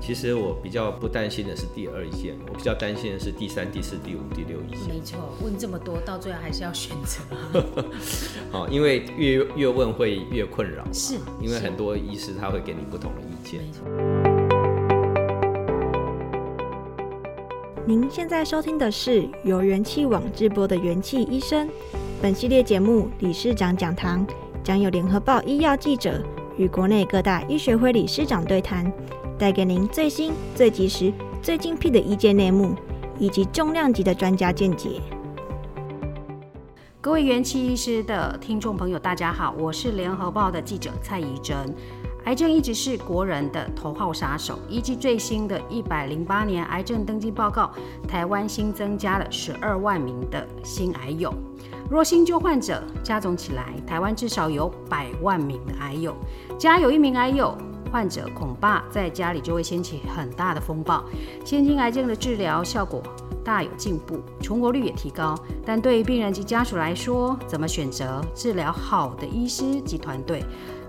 其實我比較不擔心的是第二意見，我比較擔心的是第三、第四、第五、第六意見。沒錯，問這麼多到最後還是要選擇。好， 因為越越問會越困擾是。是，因為很多醫師他會給你不同的意見。沒錯。您現在收聽的是由元氣網直播的《元氣醫生》本系列節目“理事長講堂”，將有聯合報醫藥記者與國內各大醫學會理事長對談。帶給您最新、最及時、最精闢的醫界內幕，以及重量級的專家見解。各位元氣醫師的聽眾朋友，大家好，我是聯合報的記者蔡怡真。癌症一直是國人的頭號殺手。依據最新的一百零八年癌症登記報告，台灣新增加了十二萬名的新癌友，若新舊患者加總起來，台灣至少有百萬名的癌友。家有一名癌友，患者，恐怕在家裡就會掀起很大的風暴。現今癌症的治療效果大有進步，存活率也提高，但對於病人及家屬來說，怎麼選擇治療好的醫師及團隊，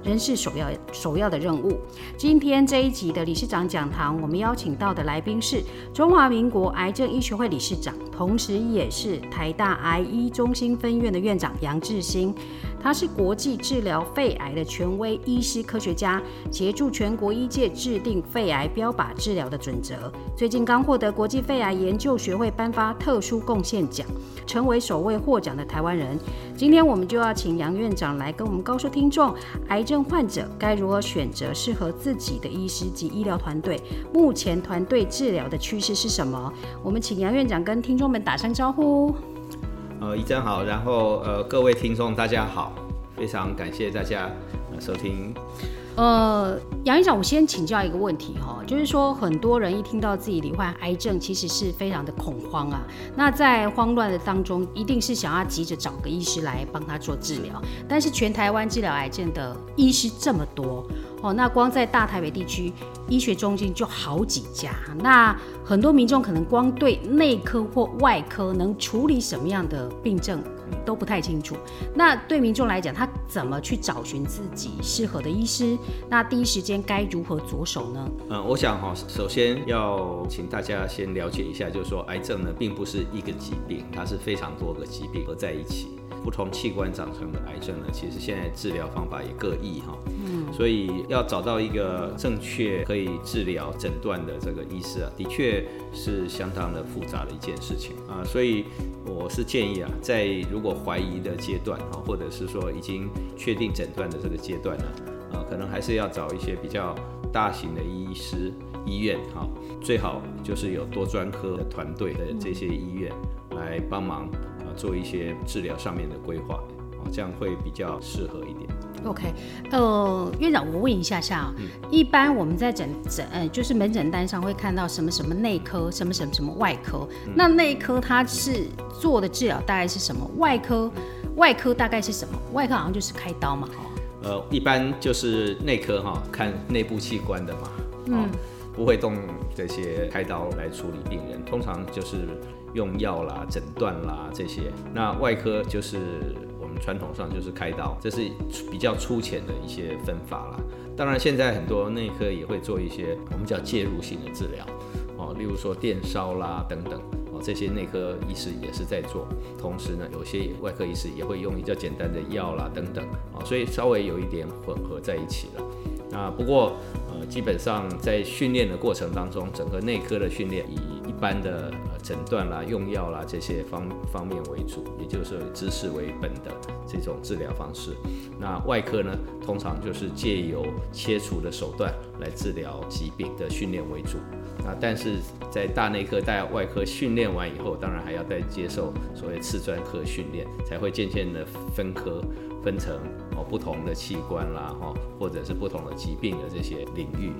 仍是首要首要的任務。今天這一集的理事長講堂，我們邀請到的來賓是中華民國癌症醫學會理事長，同時也是台大癌醫中心分院的院長楊志新。他是國際治療肺癌的權威醫師科學家，協助全國醫界制定肺癌標靶治療的準則。最近剛獲得國際肺癌研究學會頒發特殊貢獻獎，成為首位獲獎的台灣人。今天我們就要請楊院長來跟我們告訴聽眾，癌症患者該如何選擇適合自己的醫師及醫療團隊？目前團隊治療的趨勢是什麼？我們請楊院長跟聽眾們打聲招呼。呃，怡真好，然後呃，各位聽眾大家好，非常感謝大家收聽。呃，楊院長，我先請教一個問題哈、哦，就是說很多人一聽到自己罹患癌症，其實是非常的恐慌啊。那在慌亂的當中，一定是想要急着找個醫師來幫他做治療，但是全台灣治療癌症的醫師這麼多。哦，那光在大台北地區，醫學中心就好幾家。那很多民眾可能光對內科或外科能處理什麼樣的病症都不太清楚。那對民眾來講，他怎麼去找尋自己適合的醫師？那第一時間該如何着手呢？嗯，我想哈、哦，首先要請大家先了解一下，就是說癌症呢，並不是一個疾病，它是非常多個疾病合在一起。不同器官長成的癌症呢，其實現在治療方法也各異哈、哦，嗯，所以要找到一個正確可以治療診斷的這個醫師啊，的確是相當的複雜的一件事情啊，所以我是建議啊，在如果懷疑的階段啊，或者是說已經確定診斷的這個階段呢、啊，啊、呃，可能還是要找一些比較大型的醫師醫院哈、啊，最好就是有多專科的團隊的這些醫院來幫忙。做一些治療上面的規劃，哦，這樣會比較適合一點。OK，呃，院長，我問一下下啊，一般我們在診診，呃，就是門診單上會看到什麼什麼內科，什麼什麼什麼外科。嗯，那內科他是做的治療大概是什麼？外科，外科大概是什麼？外科好像就是開刀嘛。呃，一般就是內科哈，看內部器官的嘛。哦，嗯。不會動這些開刀來處理病人，通常就是用藥啦、診斷啦這些。那外科就是我們傳統上就是開刀，這是比較粗淺的一些分法啦。當然，現在很多內科也會做一些我們叫介入性的治療，哦，例如說電燒啦等等，哦，這些內科醫師也是在做。同時呢，有些外科醫師也會用比較簡單的藥啦等等，啊、哦，所以稍微有一點混合在一起了。那不過，呃，基本上在訓練的過程當中，整個內科的訓練以一般的診斷啦、用藥啦這些方方面為主，也就是知識為本的這種治療方式。那外科呢，通常就是借由切除的手段來治療疾病的訓練為主。那但是在大內科、大外科訓練完以後，當然還要再接受所謂次專科訓練，才會漸漸的分科。分成哦，不同的器官啦，吼，或者是不同的疾病的這些領域，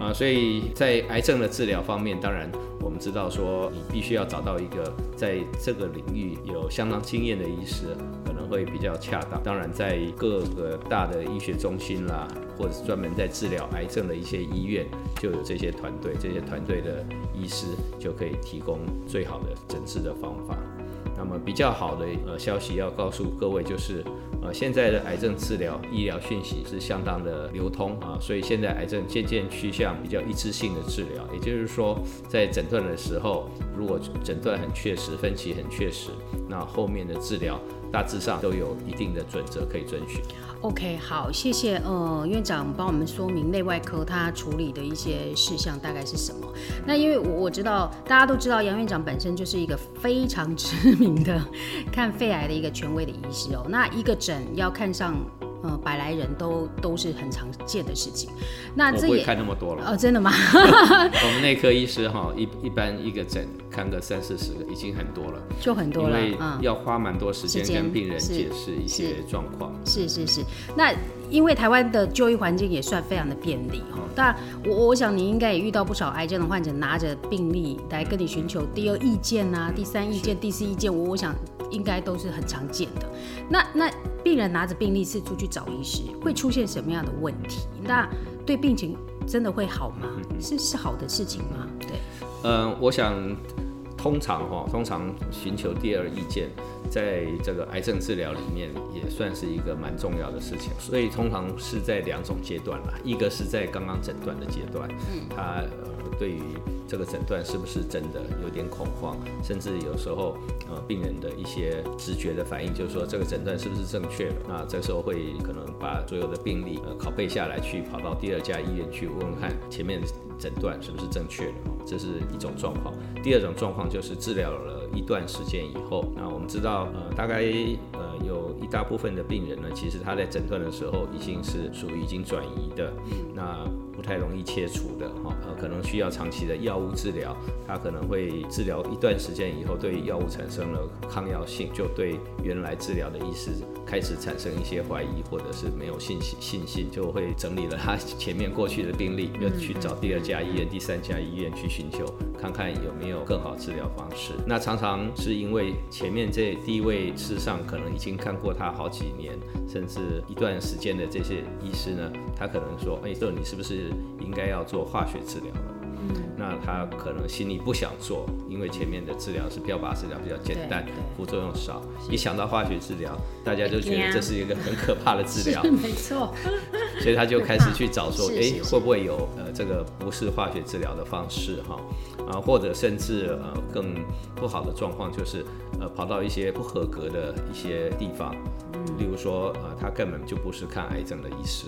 啊，所以在癌症的治療方面，當然我們知道說，你必須要找到一個在這個領域有相當經驗的醫師，可能會比較恰當。當然，在各個大的醫學中心啦，或者是專門在治療癌症的一些醫院，就有這些團隊，這些團隊的醫師就可以提供最好的診治的方法。那麼比較好的呃消息要告訴各位就是，呃現在的癌症治療醫療訊息是相當的流通啊，所以現在癌症漸漸趨向比較一致性的治療，也就是說在診斷的時候，如果診斷很確實，分期很確實，那後面的治療。大致上都有一定的準則可以遵循。OK，好，謝謝。呃，院長幫我們說明內外科他處理的一些事項大概是什麼？那因為我，我知道大家都知道楊院長本身就是一個非常知名的看肺癌的一個權威的醫師哦。那一個診要看上。嗯、百來人都都是很常見的事情，那這也不會看那麼多了哦，真的嗎？ 我們內科醫師哈一一般一個診看個三四十個已經很多了，就很多了，因為要花蠻多時間跟病人解釋一些狀況。嗯，是是是，是，是，是，那。因為台灣的就醫環境也算非常的便利吼，但我我想你應該也遇到不少癌症的患者拿着病歷來跟你尋求第二意見吶、啊、第三意見、第四意見，我我想應該都是很常見的。那那病人拿着病歷四處去找醫師，會出現什麼樣的問題？那對病情真的會好嗎？是是好的事情嗎？對，嗯、呃，我想通常哈，通常尋求第二意見。在這個癌症治療裡面，也算是一個蠻重要的事情，所以通常是在兩種階段啦，一個是在剛剛診斷的階段，嗯，他、呃、對於這個診斷是不是真的有點恐慌，甚至有時候呃病人的一些直覺的反應，就是說這個診斷是不是正確的，那這時候會可能把所有的病歷呃拷貝下來，去跑到第二家醫院去問問看前面診斷是不是正確的，這是一種狀況。第二種狀況就是治療了，一段時間以後，那我們知道，呃，大概呃有一大部分的病人呢，其實他在診斷的時候已經是屬於已經轉移的，嗯，那不太容易切除的哈、哦，呃，可能需要長期的藥物治療，他可能會治療一段時間以後，對藥物產生了抗藥性，就對原來治療的醫師，開始產生一些懷疑，或者是沒有信心，信心就會整理了他前面過去的病例，又去找第二家醫院、第三家醫院去尋求，看看有沒有更好治療方式。那常常是因為前面這第一位事實上，可能已經看過他好幾年，甚至一段時間的這些醫師呢，他可能說，哎、欸，這你是不是應該要做化學治療了？那他可能心裡不想做，因為前面的治療是標靶治療，比較簡單，副作用少。一想到化學治療，大家就覺得這是一個很可怕的治療，沒錯。所以他就開始去找說，哎，會不會有呃這個不是化學治療的方式哈？啊，或者甚至呃更不好的狀況就是呃跑到一些不合格的一些地方，例如說他根本就不是看癌症的醫師，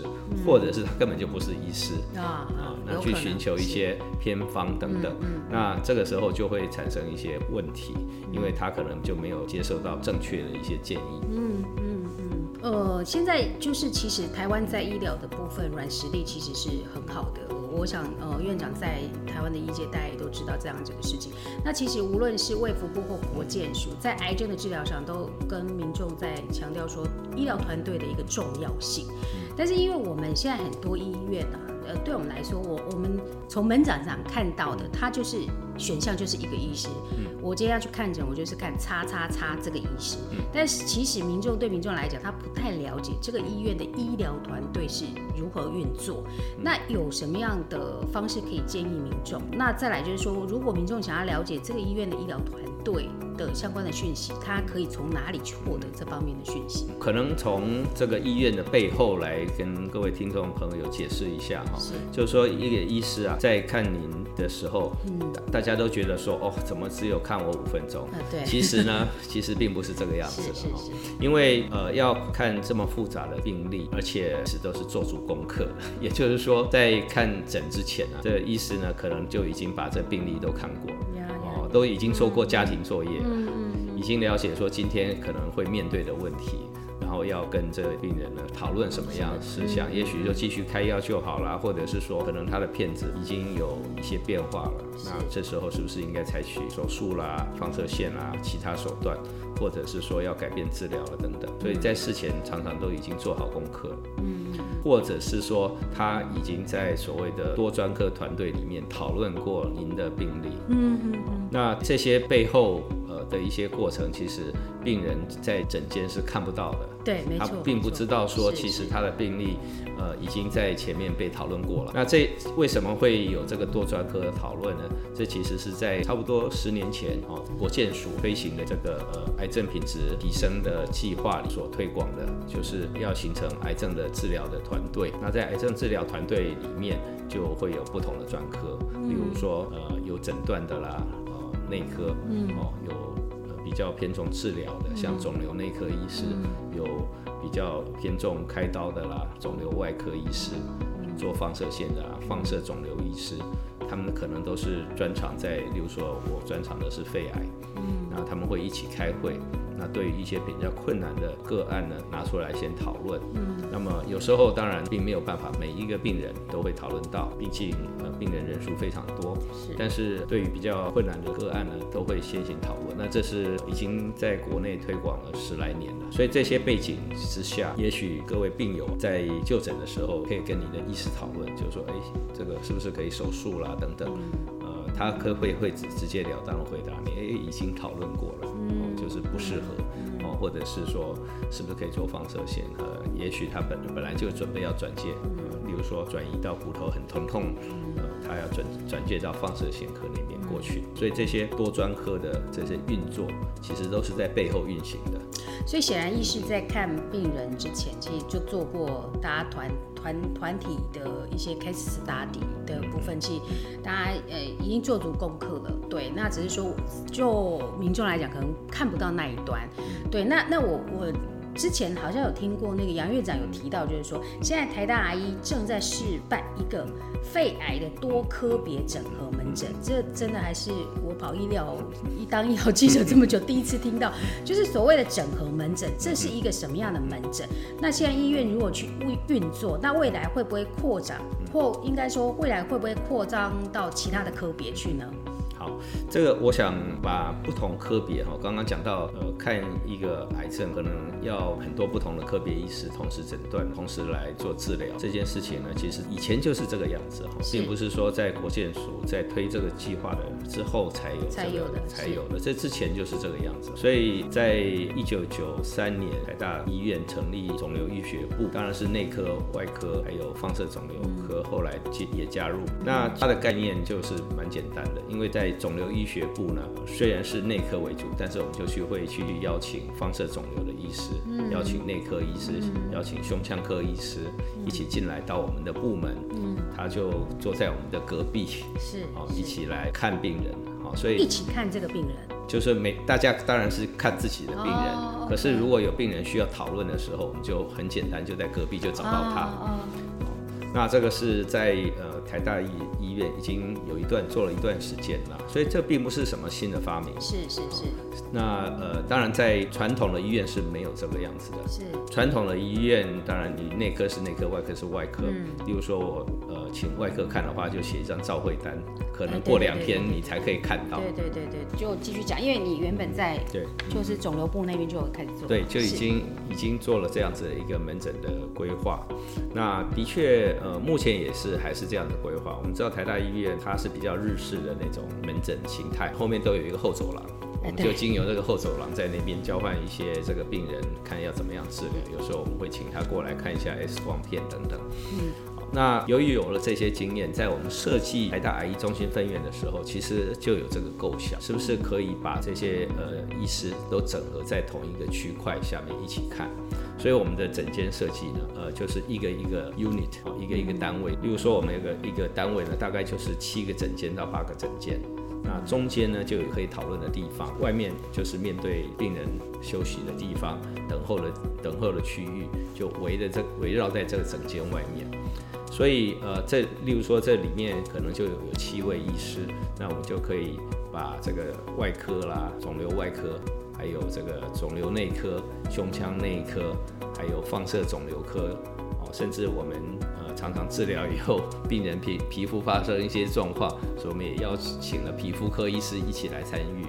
或者是他根本就不是醫師啊啊，那去尋求一些偏方。等等，那這個時候就會產生一些問題，因為他可能就沒有接受到正確的一些建議。嗯嗯嗯。呃，現在就是其實台灣在醫療的部分軟實力其實是很好的。我想，呃，院長在台灣的醫界大家也都知道這樣子的事情。那其實無論是衛福部或國健署，在癌症的治療上都跟民眾在強調說醫療團隊的一個重要性。但是因為我們現在很多醫院啊。呃，對我們來說，我我們從門診上看到的，它就是選項就是一個醫師。嗯，我今天要去看診，我就是看叉叉叉這個醫師。嗯，但是其實民眾對民眾來講，他不太了解這個醫院的醫療團隊是如何運作。那有什麼樣的方式可以建議民眾？那再來就是說，如果民眾想要了解這個醫院的醫療團，對的相關的訊息，他可以從哪裡去獲得這方面的訊息？嗯、可能從這個醫院的背後來跟各位聽眾朋友解釋一下哈是、哦，就是說一個醫師啊，在看您的時候，嗯，大家都覺得說哦，怎麼只有看我五分鐘？嗯、對。其實呢，其實並不是這個樣子的， 是，是，是。因為呃，要看這麼複雜的病例，而且是都是做足功課的，也就是說，在看診之前啊，這個、醫師呢，可能就已經把這病例都看過。都已經做過家庭作業了，嗯嗯嗯、已經了解說今天可能會面對的問題，然後要跟這個病人呢討論什麼樣的事項，嗯嗯、也許就繼續開藥就好啦，或者是說可能他的片子已經有一些變化了，是那這時候是不是應該採取手術啦、放射線啦、嗯、其他手段，或者是說要改變治療了等等？所以在事前常常都已經做好功課了，嗯，或者是說他已經在所謂的多專科團隊裡面討論過您的病例。嗯。嗯那這些背後呃，的一些過程，其實病人在診間是看不到的，對，沒錯，他並不知道說其實他的病歷呃已經在前面被討論過了。那這為什麼會有這個多專科的討論呢？這其實是在差不多十年前哦，國健署推行的這個呃癌症品質提升的計劃裡所推廣的，就是要形成癌症的治療的團隊。那在癌症治療團隊裡面就會有不同的專科，嗯、比如說呃有診斷的啦。內科，嗯、哦，有比較偏重治療的，嗯、像腫瘤內科醫師，嗯、有比較偏重開刀的啦，腫瘤外科醫師，嗯、做放射線的啦，嗯、放射腫瘤醫師，他們可能都是專長在，例如說，我專長的是肺癌，嗯，那他們會一起開會。那對於一些比較困難的個案呢，拿出來先討論。嗯，那麼有時候當然並沒有辦法，每一個病人都會討論到，畢竟呃病人人數非常多。是，但是對於比較困難的個案呢，都會先行討論。那這是已經在國內推廣了十來年了，所以這些背景之下，也許各位病友在就診的時候可以跟你的醫師討論，就說誒，這個是不是可以手術啦，等等。嗯他可會會直直截了當回答你，哎、欸，已經討論過了，嗯哦、就是不適合，哦、嗯，或者是說，是不是可以做放射線？呃，也許他本本來就準備要轉介，呃、例比如說轉移到骨頭很疼痛,痛、呃，他要轉轉介到放射線科裡面過去。嗯、所以這些多專科的這些運作，其實都是在背後運行的。所以顯然，醫師在看病人之前，其實就做過大家團。團團體的一些 case study 的部分，其實大家呃已經做足功課了，對，那只是說就民眾來講，可能看不到那一端，對，那那我我。之前好像有聽過那個楊院長有提到，就是說現在台大癌醫正在試辦一個肺癌的多科別整合門診，這真的還是我跑醫療，一當醫療記者這麼久第一次聽到，就是所謂的整合門診，這是一個什麼樣的門診？那現在醫院如果去運運作，那未來會不會擴展？或應該說未來會不會擴張到其他的科別去呢？這個我想把不同科別哈，剛剛講到呃，看一個癌症可能要很多不同的科別醫師同時診斷，同時來做治療這件事情呢，其實以前就是這個樣子哈，是並不是說在國健署在推這個計劃的之後才有才有的才有的，這是之前就是這個樣子。所以在一九九三年台大醫院成立腫瘤醫學部，當然是內科、外科，還有放射腫瘤科，嗯、後來也加入。那它的概念就是蠻簡單的，因為在腫瘤醫學部呢，雖然是內科為主，但是我們就去會去邀請放射腫瘤的醫師，嗯、邀請內科醫師，嗯、邀請胸腔科醫師、嗯、一起進來到我們的部門，嗯、他就坐在我們的隔壁，是，是哦，一起來看病人，哦，所以一起看這個病人，就是每大家當然是看自己的病人，哦、可是如果有病人需要討論的時候，哦 okay、我們就很簡單就在隔壁就找到他，哦，哦那這個是在呃。台大醫醫院已經有一段做了一段時間了，所以這並不是什麼新的發明。是是是。是是那呃，當然在傳統的醫院是沒有這個樣子的。是傳統的醫院，當然你內科是內科，外科是外科。嗯，例如說我。請外科看的話，就寫一張照會單，可能過兩天你才可以看到。欸、對，對，對，對，對對對對，就繼續講，因為你原本在對，就是腫瘤部那邊就有開始做了。對，就已經是已經做了這樣子一個門診的規劃。那的確，呃，目前也是還是這樣的規劃。我們知道台大醫院它是比較日式的那種門診形態，後面都有一個後走廊，我們就經由這個後走廊在那邊交換一些這個病人，看要怎麼樣治療。有時候我們會請他過來看一下 X 光片等等。嗯。那由於有了這些經驗，在我們設計台大癌醫中心分院的時候，其實就有這個構想，是不是可以把這些呃醫師都整合在同一個區塊下面一起看？所以我們的診間設計呢，呃，就是一個一個 unit，一個一個單位。例如說，我們一個一個單位呢，大概就是七個診間到八個診間，那中間呢，就有可以討論的地方，外面就是面對病人休息的地方，等候的等候的區域就圍着這圍繞在這個診間外面。所以，呃，在例如說這裡面可能就有有七位醫師，那我們就可以把這個外科啦、腫瘤外科，還有這個腫瘤內科、胸腔內科，還有放射腫瘤科，哦，甚至我們呃常常治療以後，病人皮皮膚發生一些狀況，所以我們也邀請了皮膚科醫師一起來參與。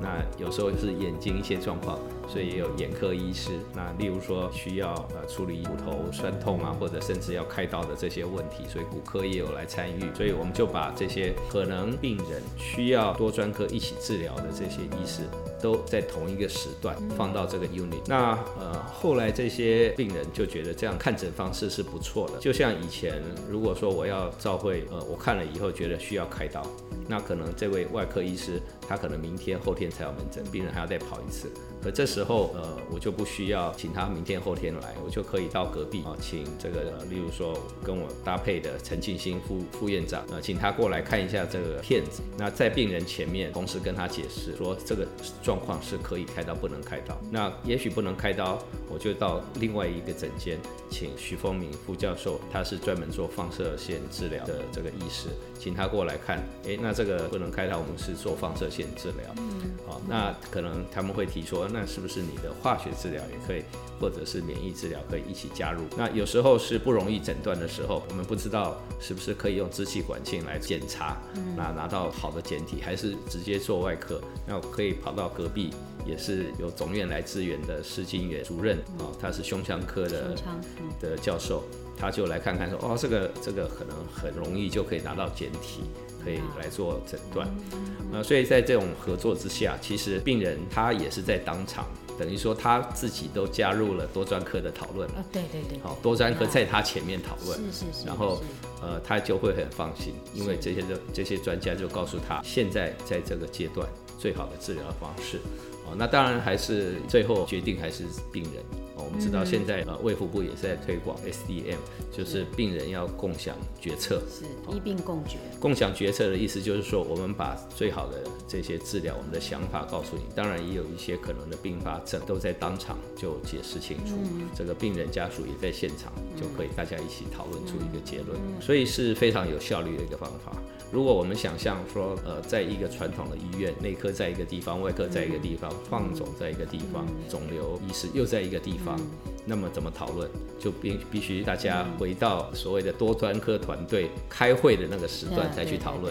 那有時候是眼睛一些狀況。所以也有眼科醫師，那例如說需要，呃，處理骨頭酸痛啊，或者甚至要開刀的這些問題，所以骨科也有來參與。所以我們就把這些可能病人需要多專科一起治療的這些醫師。都在同一個時段放到這個 unit，那呃後來這些病人就覺得這樣看診方式是不錯的。就像以前如果說我要照會，呃我看了以後覺得需要開刀，那可能這位外科醫師他可能明天後天才有門診，病人還要再跑一次，可這時候呃我就不需要請他明天後天來，我就可以到隔壁啊、呃，請這個、呃、例如說跟我搭配的陳晉興副副院長，呃請他過來看一下這個片子，那在病人前面同時跟他解釋說這個。狀況是可以開刀，不能開刀。那也許不能開刀，我就到另外一個診間，請徐峰銘副教授，他是專門做放射線治療的這個醫師，請他過來看。誒、欸，那這個不能開刀，我們是做放射線治療、嗯。嗯。好，那可能他們會提出，那是不是你的化學治療也可以，或者是免疫治療可以一起加入？那有時候是不容易診斷的時候，我們不知道是不是可以用支氣管鏡來檢查，那、嗯、拿到好的檢體，還是直接做外科？那可以跑到。隔壁也是由總院來支援的，施金元主任啊，嗯、他是胸腔科的腔、嗯、的教授，他就來看看說，哦，這個這個可能很容易就可以拿到檢體，嗯、可以來做診斷、嗯嗯嗯呃，所以在這種合作之下，其實病人他也是在當場，等於說他自己都加入了多專科的討論了，對對對，好、哦，多專科在他前面討論，啊、然後呃，他就會很放心，因為這些這些專家就告訴他，現在在這個階段。最好的治療方式，哦，那當然還是最後決定還是病人。我們知道現在嗯嗯呃，衛福部也是在推廣 SDM，就是病人要共享決策，是醫病共決。共享決策的意思就是說，我們把最好的這些治療，我們的想法告訴你，當然也有一些可能的併發症，都在當場就解釋清楚。嗯、這個病人家屬也在現場，嗯、就可以大家一起討論出一個結論，所以是非常有效率的一個方法。如果我們想象說，呃，在一個傳統的醫院，內科在一個地方，外科在一個地方，放腫、嗯、在一個地方，嗯、腫瘤醫師又在一個地方。嗯嗯嗯。那麼怎麼討論，就必必須大家回到所謂的多專科團隊開會的那個時段再去討論。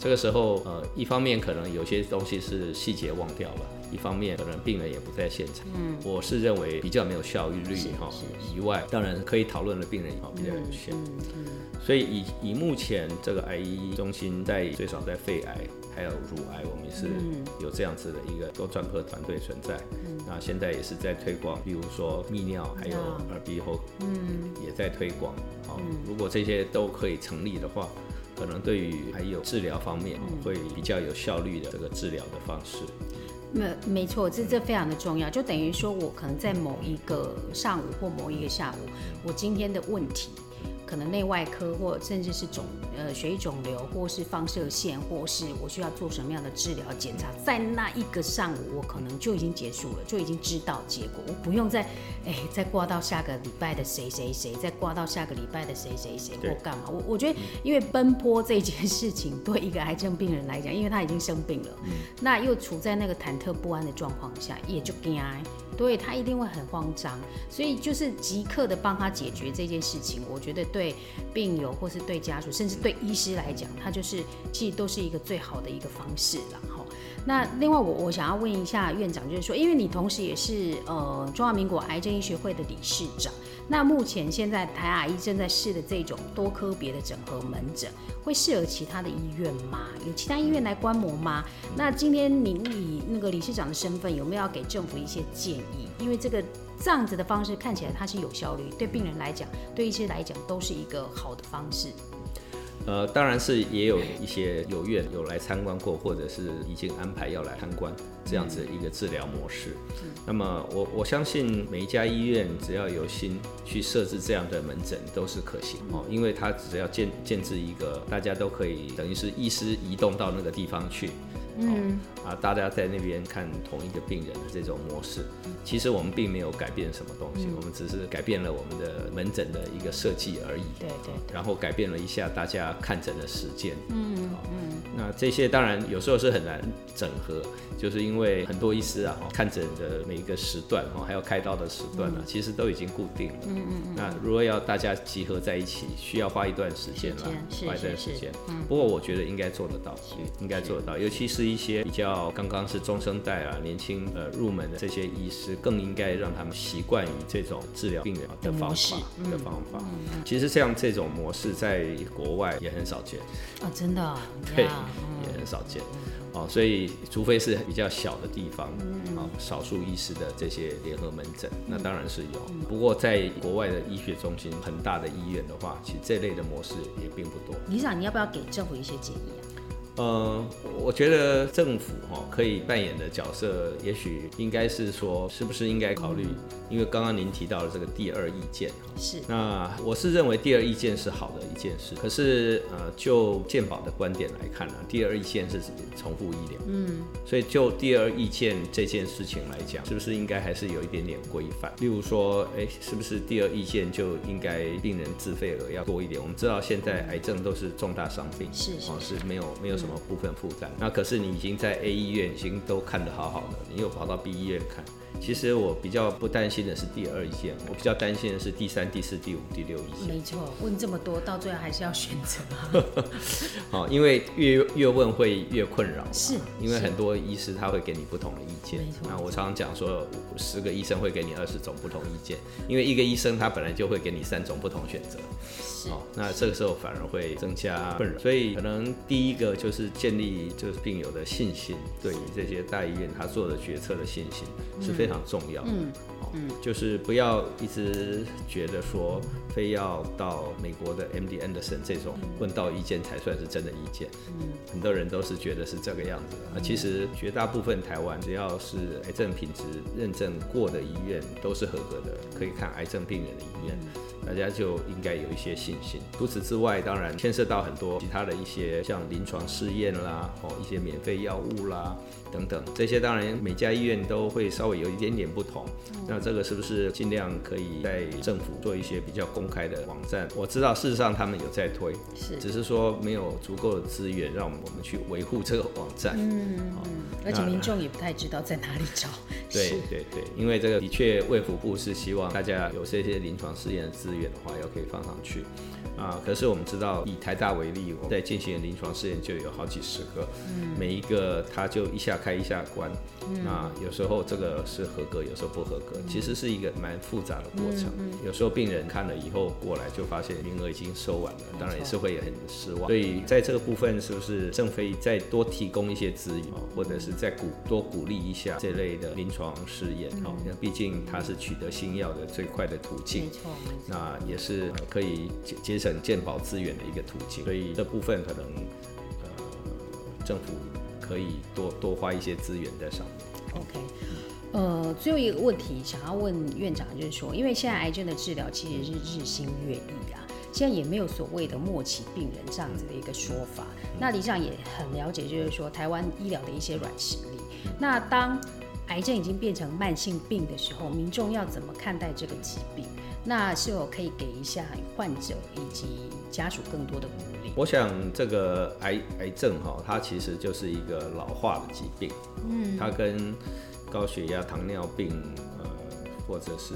這個時候，呃，一方面可能有些東西是細節忘掉了，一方面可能病人也不在現場。嗯，我是認為比較沒有效益率率以外，當然可以討論的病人也好比較有限。嗯嗯、所以以以目前這個癌醫中心在最少在肺癌還有乳癌，我們是有這樣子的一個多專科團隊存在。嗯嗯、那現在也是在推廣，比如說泌尿。還有耳鼻喉，B、嗯，也在推廣。好，嗯，如果這些都可以成立的話，可能對於還有治療方面會比較有效率的這個治療的方式。嗯，沒錯，這這非常的重要。就等於說我可能在某一個上午或某一個下午，我今天的問題。可能內外科或甚至是腫，呃，血腫瘤或是放射線，或是我需要做什麼樣的治療檢查，在那一個上午，我可能就已經結束了，就已經知道結果，我不用再，哎、欸，再掛到下個禮拜的誰誰誰，再掛到下個禮拜的誰誰誰，或幹嘛？對我我覺得，因為奔波這件事情，對一個癌症病人來講，因為他已經生病了，嗯、那又處在那個忐忑不安的狀況下，也就更難。所以他一定會很慌張，所以就是即刻的幫他解決這件事情。我覺得對病友或是對家屬，甚至對醫師來講，他就是其實都是一個最好的一個方式了。那另外我我想要問一下院長，就是說，因為你同時也是呃中華民國癌症醫學會的理事長，那目前現在台大醫正在試的這種多科別的整合門診，會適合其他的醫院嗎？有其他醫院來觀摩嗎？那今天您以那個理事長的身份，有沒有要給政府一些建議？因為這個這樣子的方式看起來它是有效率，對病人來講，對醫生來講都是一個好的方式。呃，當然是也有一些有院有來參觀過，或者是已經安排要來參觀這樣子一個治療模式。嗯。那麼我我相信每一家醫院只要有心去設置這樣的門診都是可行哦，因為它只要建建置一個，大家都可以等於是醫師移動到那個地方去。嗯啊，大家在那邊看同一個病人的這種模式，其實我們並沒有改變什麼東西，嗯、我們只是改變了我們的門診的一個設計而已。對，對，對，然後改變了一下大家看診的時間，嗯。嗯嗯，那這些當然有時候是很難整合，就是因為很多醫師啊，看診的每一個時段哦，還有開刀的時段呢、啊，其實都已經固定了。嗯嗯嗯。嗯嗯嗯，那如果要大家集合在一起，需要花一段時間了，花一段時間。嗯，不過我覺得應該做得到，是應該做得到，是尤其是。一些比較剛剛是中生代啊，年輕呃入門的這些醫師，更應該讓他們習慣於這種治療病人的方式的方法。嗯、其實像這種模式，在國外也很少見啊、哦，真的、哦、對，嗯、也很少見啊。嗯、所以除非是比較小的地方啊，嗯、少數醫師的這些聯合門診，嗯、那當然是有。嗯、不過在國外的醫學中心，很大的醫院的話，其實這類的模式也並不多。理事長，你要不要給政府一些建議、啊？呃，我覺得政府哈可以扮演的角色，也許應該是說，是不是應該考慮，嗯、因為剛剛您提到的這個第二意見，是。那我是認為第二意見是好的一件事，可是呃，就健保的觀點來看呢，第二意見是指重複醫療，嗯。所以就第二意見這件事情來講，是不是應該還是有一點點規範？例如說，哎、欸，是不是第二意見就應該病人自費額要多一點？我們知道現在癌症都是重大傷病，是，是，哦是沒有沒有什麼。部分負擔，那可是你已經在 A 醫院已經都看得好好的，你又跑到 B 醫院看。其實我比較不擔心的是第二意見，我比較擔心的是第三、第四、第五、第六意見。沒錯，問這麼多到最後還是要選擇。好 因為越越問會越困擾。是，因為很多醫師他會給你不同的意見。那沒錯。我常常講說，十個醫生會給你二十種不同意見，因為一個醫生他本來就會給你三種不同選擇。是。哦、喔，是，那這個時候反而會增加困擾，所以可能第一個就是建立就是病友的信心，對於這些大醫院他做的決策的信心是。非常重要，嗯，嗯，就是不要一直覺得說非要到美國的 MD Anderson 這種問到意見才算是真的意見。嗯，很多人都是覺得是這個樣子的。嗯，其實絕大部分台灣只要是癌症品質認證過的醫院都是合格的，可以看癌症病人的醫院。大家就應該有一些信心。除此之外，當然牽涉到很多其他的一些，像臨床試驗啦，哦，一些免費藥物啦，等等，這些當然每家醫院都會稍微有一點點不同。嗯、那這個是不是盡量可以在政府做一些比較公開的網站？我知道事實上他們有在推，是，只是說沒有足夠的資源讓我們去維護這個網站。嗯，嗯，嗯那而且民眾也不太知道在哪裡找。 是對對對，因為這個的確衛福部是希望大家有這些臨床試驗的資資源的話，又可以放上去。啊，可是我們知道，以台大為例，我們在進行臨床試驗就有好幾十個，嗯、每一個它就一下開一下關，嗯、啊，有時候這個是合格，有時候不合格，嗯、其實是一個蠻複雜的過程。嗯嗯、有時候病人看了以後過來，就發現名額已經收完了，嗯嗯、當然也是會也很失望。沒錯、所以在這個部分，是不是鄭飛再多提供一些資源，或者是再鼓多鼓勵一下這類的臨床試驗？嗯、哦，因為畢竟它是取得新藥的最快的途徑，沒錯、那也是可以。節省健保資源的一個途徑，所以這部分可能，呃，政府可以多多花一些資源在上面。OK，呃，最後一個問題想要問院長，就是說，因為現在癌症的治療其實是日新月異啊，現在也沒有所謂的末期病人這樣子的一個說法。那理事長也很了解，就是說台灣醫療的一些軟實力。那當癌症已經變成慢性病的時候，民眾要怎麼看待這個疾病？那是否可以給一下患者以及家屬更多的鼓勵？我想，這個癌癌症哈，它其實就是一個老化的疾病。嗯，它跟高血壓、糖尿病，或者是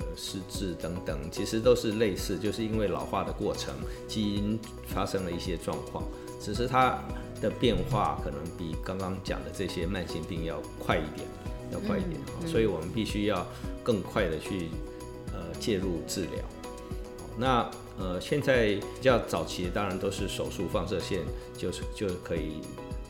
呃失智等等，其實都是類似，就是因為老化的過程，基因發生了一些狀況，只是它的變化可能比剛剛講的這些慢性病要快一點，要快一點。所以我們必須要更快的去。介入治療，那呃現在比較早期，當然都是手術、放射線，就是就可以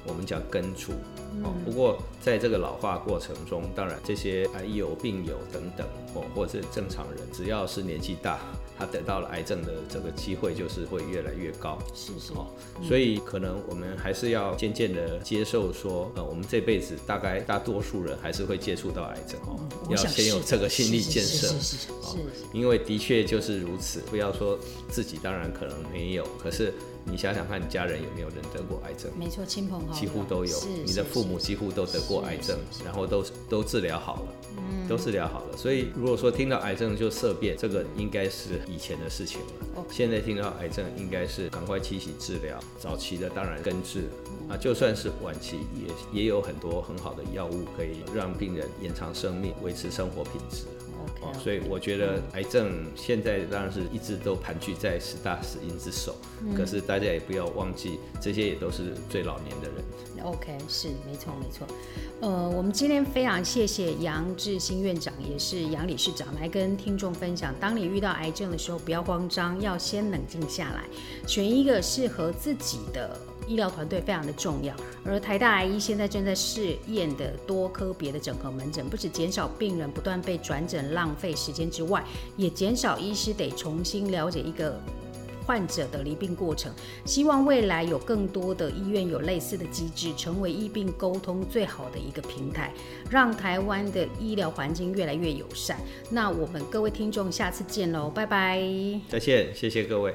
我們講根除。嗯、哦，不過在這個老化過程中，當然這些癌友病友等等，哦，或者是正常人，只要是年紀大。他得到了癌症的這個機會，就是會越來越高。是是哦，嗯，所以可能我們還是要漸漸的接受說，呃，我們這輩子大概大多數人還是會接觸到癌症哦。嗯，要先有這個心理建設，是是是，是，是是是，因為的確就是如此。不要說自己當然可能沒有，可是。你想想看，你家人有沒有人得過癌症？沒錯，親朋好友幾乎都有。你的父母幾乎都得過癌症，然後都都治療好了，嗯、都治療好了。所以，如果說聽到癌症就色變，這個應該是以前的事情了。哦、現在聽到癌症，應該是趕快積極治療。早期的當然根治，啊、嗯，就算是晚期也，也也有很多很好的藥物可以讓病人延長生命，維持生活品質。Okay, okay, 所以我覺得癌症現在當然是一直都盤踞在十大死因之首，嗯，可是大家也不要忘記，這些也都是最老年的人。OK，是沒錯沒錯。呃，我們今天非常謝謝楊志新院長，也是楊理事長來跟聽眾分享，當你遇到癌症的時候，不要慌張，要先冷靜下來，選一個適合自己的。醫療團隊非常的重要，而台大癌醫現在正在試驗的多科別的整合門診，不止減少病人不斷被轉診浪費時間之外，也減少醫師得重新了解一個患者的罹病過程。希望未來有更多的醫院有類似的機制，成為醫病溝通最好的一個平台，讓台灣的醫療環境越來越友善。那我們各位聽眾，下次見嘍，拜拜。再見，謝謝各位。